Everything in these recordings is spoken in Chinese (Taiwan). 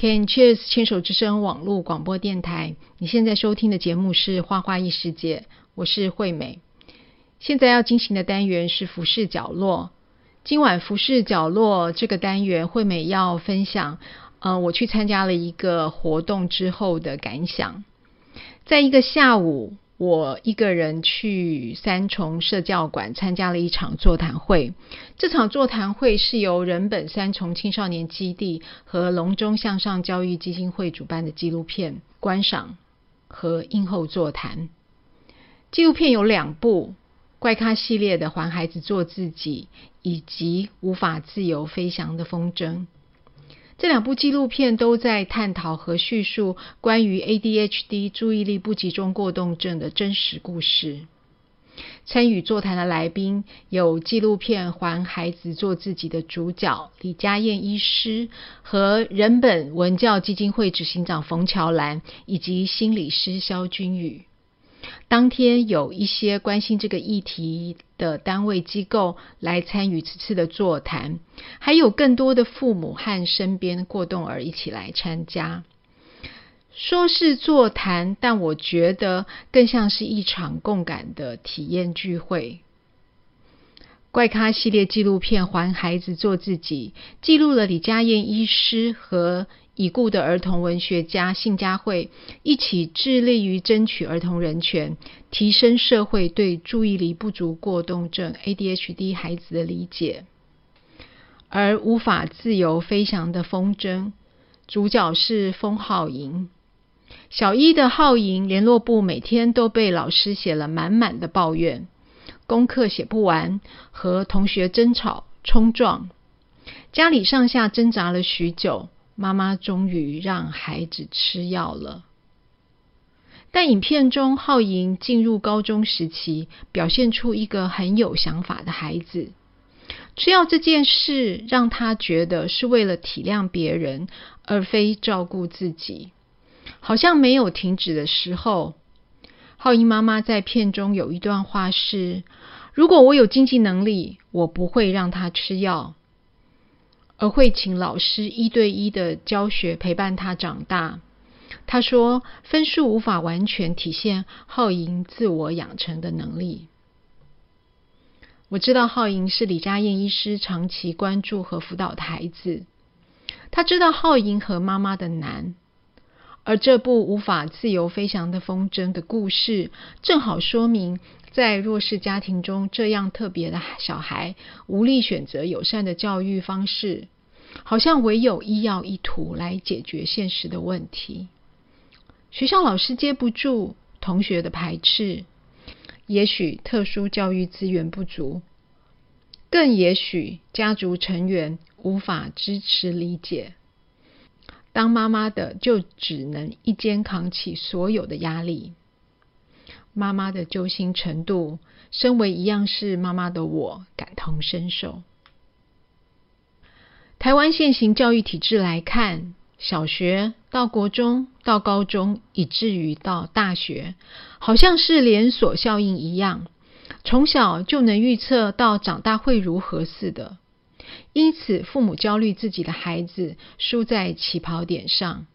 CanCheers 牽手之聲網絡廣播電台，你現在收聽的節目是《花花異世界》，我是惠美。現在要進行的單元是浮世角落。今晚浮世角落這個單元，惠美要分享，呃，我去參加了一個活動之後的感想，在一個下午。我一個人去三重社教館參加了一場座談會。這場座談會是由人本三重青少年基地和隆中向上教育基金會主辦的紀錄片觀賞和映後座談。紀錄片有兩部《怪咖》系列的《還孩子做自己》以及《無法自由飛翔的風箏》。這兩部紀錄片都在探討和敘述關於 ADHD（ 注意力不集中過動症）的真實故事。參與座談的來賓有紀錄片《還孩子做自己》的主角李佳燕醫師，和人本文教基金會執行長馮喬蘭，以及心理師蕭君宇。當天有一些關心這個議題的單位機構來參與此次的座談，還有更多的父母和身邊過動兒一起來參加。說是座談，但我覺得更像是一場共感的體驗聚會。怪咖系列紀錄片《還孩子做自己》記錄了李佳燕醫師和已故的兒童文學家幸佳慧一起致力於爭取兒童人權，提升社會對注意力不足過動症 （ADHD） 孩子的理解。而無法自由飛翔的風箏，主角是封浩盈。小一的浩盈聯絡簿每天都被老師寫了滿滿的抱怨，功課寫不完，和同學爭吵衝撞，家裡上下掙扎了許久。媽媽終於讓孩子吃藥了，但影片中浩英進入高中時期，表現出一個很有想法的孩子。吃藥這件事讓他覺得是為了體諒別人，而非照顧自己。好像沒有停止的時候，浩英媽媽在片中有一段話是：“如果我有經濟能力，我不會讓他吃藥。”而會請老師一對一的教學陪伴他長大。他說，分數無法完全體現浩瑩自我養成的能力。我知道浩瑩是李佳燕醫師長期關注和輔導的孩子，他知道浩瑩和媽媽的難，而這部無法自由飛翔的風箏的故事，正好說明。在弱勢家庭中，這樣特別的小孩無力選擇友善的教育方式，好像唯有醫藥一途來解決現實的問題。學校老師接不住，同學的排斥，也許特殊教育資源不足，更也許家族成員無法支持理解。當媽媽的就只能一肩扛起所有的壓力。媽媽的揪心程度，身為一樣是媽媽的我，感同身受。台灣現行教育體制來看，小學到國中到高中，以至於到大學，好像是連鎖效應一樣，從小就能預測到長大會如何似的。因此，父母焦慮自己的孩子輸在起跑點上。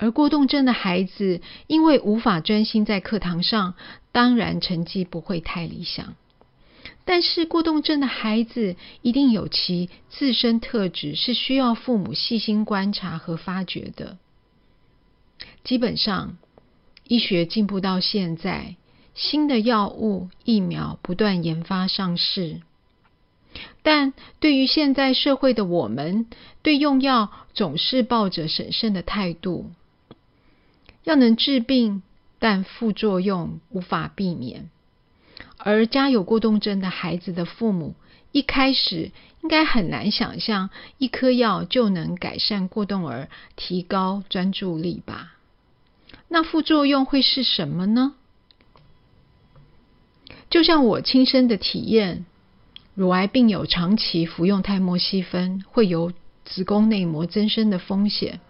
而過動症的孩子因為無法專心在課堂上，當然成績不會太理想。但是過動症的孩子一定有其自身特質，是需要父母細心觀察和發掘的。基本上，醫學進步到現在，新的藥物、疫苗不斷研發上市，但對於現在社會的我們，對用藥總是抱着審慎的態度。藥能治病，但副作用無法避免。而家有過動症的孩子的父母，一開始應該很難想象一顆藥就能改善過動兒、提高專注力吧？那副作用會是什麼呢？就像我親身的體驗，乳癌病友長期服用泰莫西芬，會有子宮內膜增生的風險。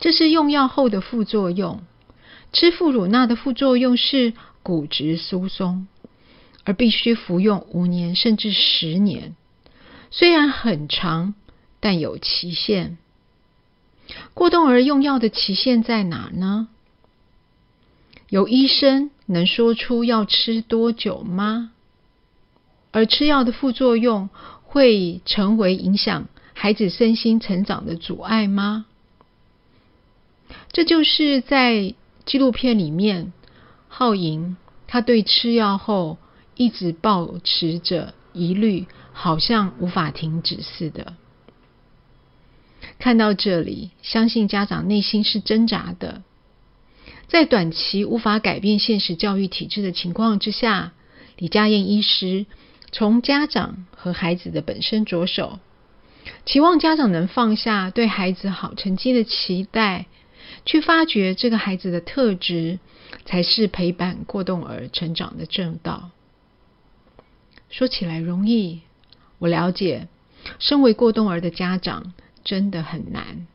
這是用藥後的副作用。吃副乳鈉的副作用是骨質疏鬆，而必須服用五年甚至十年，雖然很長，但有期限。過動兒用藥的期限在哪呢？有醫生能說出要吃多久嗎？而吃藥的副作用會成為影響孩子身心成長的阻礙嗎？這就是在紀錄片裡面，浩瑩他對吃藥後一直抱持着疑慮，好像無法停止似的。看到這裡，相信家長內心是掙扎的。在短期無法改變現實教育體制的情況之下，李佳燕醫師從家長和孩子的本身着手，期望家長能放下對孩子好成績的期待。去發掘這個孩子的特質，才是陪伴過動兒成長的正道。說起來容易，我了解，身為過動兒的家長真的很難。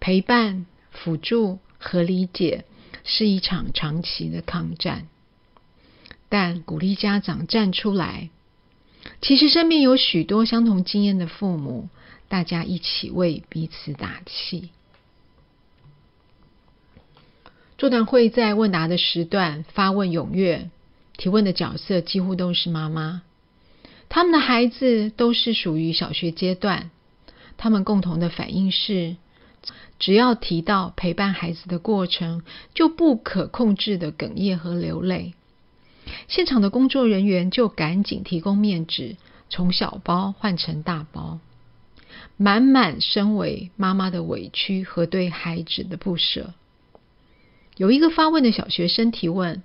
陪伴、輔助和理解是一場長期的抗戰。但鼓勵家長站出來，其實身邊有許多相同經驗的父母，大家一起為彼此打氣。座談會在問答的時段發問踴躍，提問的角色幾乎都是媽媽，他們的孩子都是屬於小學階段，他們共同的反應是，只要提到陪伴孩子的過程，就不可控制的哽咽和流淚，現場的工作人員就趕緊提供面紙，從小包換成大包，滿滿身為媽媽的委屈和對孩子的不捨。有一個發問的小學生提問：“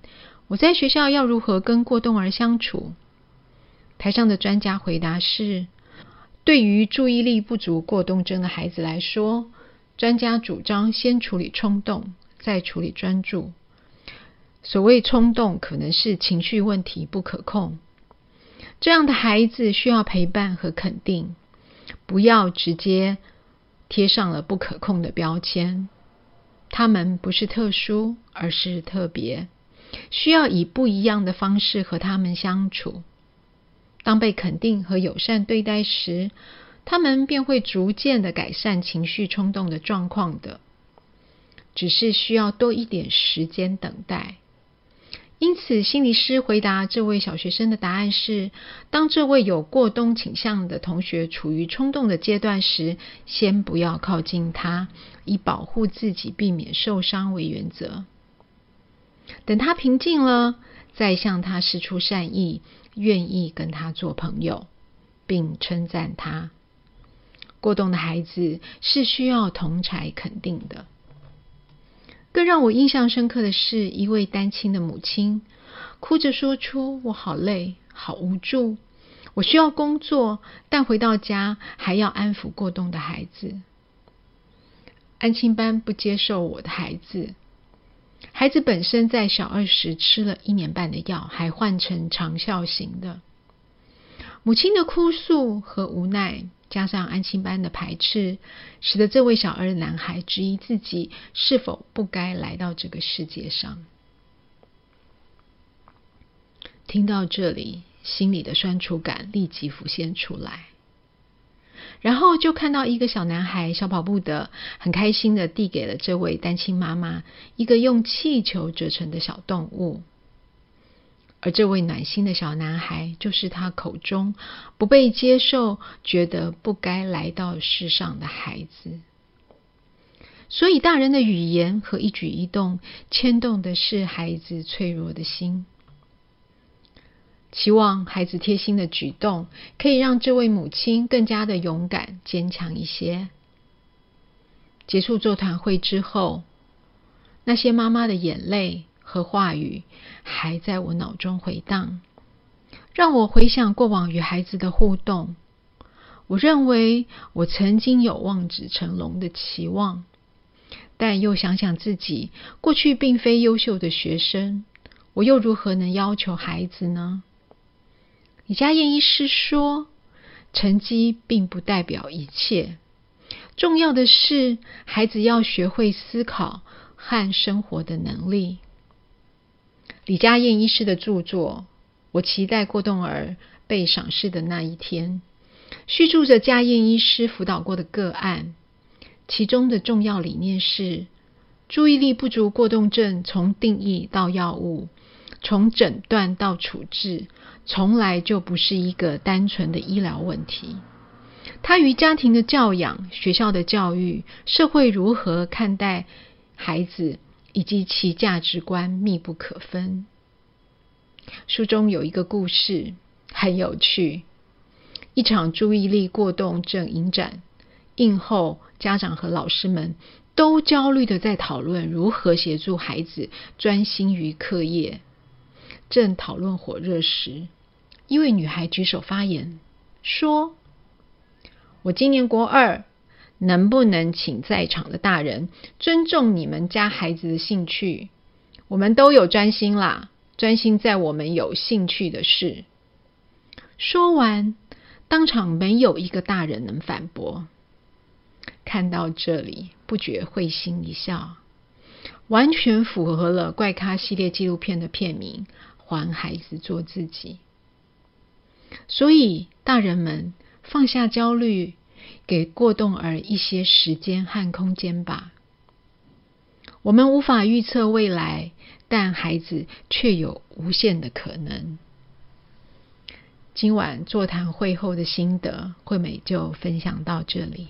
我在學校要如何跟過動兒相處？”台上的專家回答是：“對於注意力不足過動症的孩子來說，專家主張先處理衝動，再處理專注。所謂衝動，可能是情緒問題不可控。這樣的孩子需要陪伴和肯定，不要直接貼上了不可控的標籤。”他們不是特殊，而是特別，需要以不一樣的方式和他們相處。當被肯定和友善對待時，他們便會逐漸的改善情緒衝動的狀況的，只是需要多一點時間等待。因此，心理師回答這位小學生的答案是：當這位有過動傾向的同學處於衝動的階段時，先不要靠近他，以保護自己避免受傷為原則。等他平靜了，再向他示出善意，願意跟他做朋友，並稱讚他。過動的孩子是需要同儕肯定的。更讓我印象深刻的是一位單親的母親，哭着說出：“我好累，好無助，我需要工作，但回到家還要安撫過動的孩子。安親班不接受我的孩子，孩子本身在小二時吃了一年半的藥，還換成長效型的。母親的哭訴和無奈。”加上安親班的排斥，使得這位小二男孩質疑自己是否不該來到這個世界上。聽到這裡，心裡的酸楚感立即浮現出來。然後就看到一個小男孩小跑步的，很開心的遞給了這位單親媽媽一個用氣球折成的小動物。而這位暖心的小男孩，就是他口中不被接受、覺得不該來到世上的孩子。所以，大人的語言和一舉一動，牽動的是孩子脆弱的心。期望孩子貼心的舉動，可以讓這位母親更加的勇敢、堅強一些。結束座談會之後，那些媽媽的眼淚。和話語還在我腦中迴盪，讓我回想過往與孩子的互動。我認為我曾經有望子成龍的期望，但又想想自己過去並非優秀的學生，我又如何能要求孩子呢？李佳燕醫師說，成績並不代表一切，重要的是孩子要學會思考和生活的能力。李佳燕醫師的著作《我期待過動兒被賞識的那一天》，敘述着佳燕醫師輔導過的個案，其中的重要理念是：注意力不足過動症從定義到藥物，從診斷到處置，從來就不是一個單純的醫療問題。它與家庭的教養、學校的教育、社會如何看待孩子，以及其價值觀密不可分。書中有一個故事很有趣，一場注意力過動症影展映後，家長和老師們都焦慮的在討論如何協助孩子專心於課業。正討論火熱時，一位女孩舉手發言說：“我今年國二。”能不能請在場的大人尊重你們家孩子的興趣？我們都有專心啦，專心在我們有興趣的事。說完，當場沒有一個大人能反駁。看到這裡，不覺會心一笑，完全符合了怪咖系列紀錄片的片名——“還孩子做自己”。所以，大人們放下焦慮。給過動兒一些時間和空間吧。我們無法預測未來，但孩子卻有無限的可能。今晚座談會後的心得，惠美就分享到這裡。